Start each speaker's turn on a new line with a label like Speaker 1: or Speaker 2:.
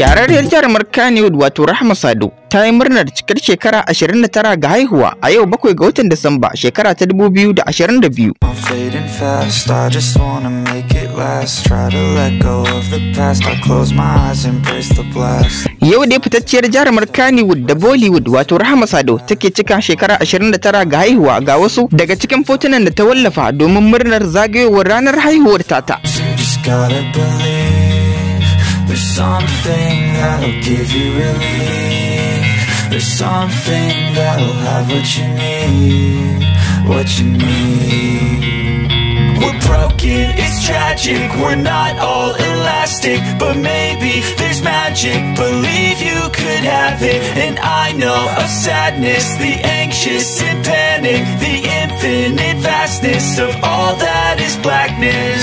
Speaker 1: Shahararriyar Jihar Kannywood wato Rahma Sado ta yi murnar cikar shekara 29 ga haihuwa a yau 7 ga watan Disamba shekara ta
Speaker 2: 2022.
Speaker 1: Yau dai fitacciyar Jihar Kannywood da Bollywood wato Rahma Sado take cika shekara 29 ga haihuwa ga wasu daga cikin fotunan da ta wallafa domin murnar zagayowar ranar haihuwar tata.
Speaker 3: There's something that'll give you relief There's something that'll have what you need What you need We're broken, it's tragic We're not
Speaker 4: all elastic But maybe there's magic Believe you could have it And I know of sadness The anxious and panic The infinite vastness Of all that is blackness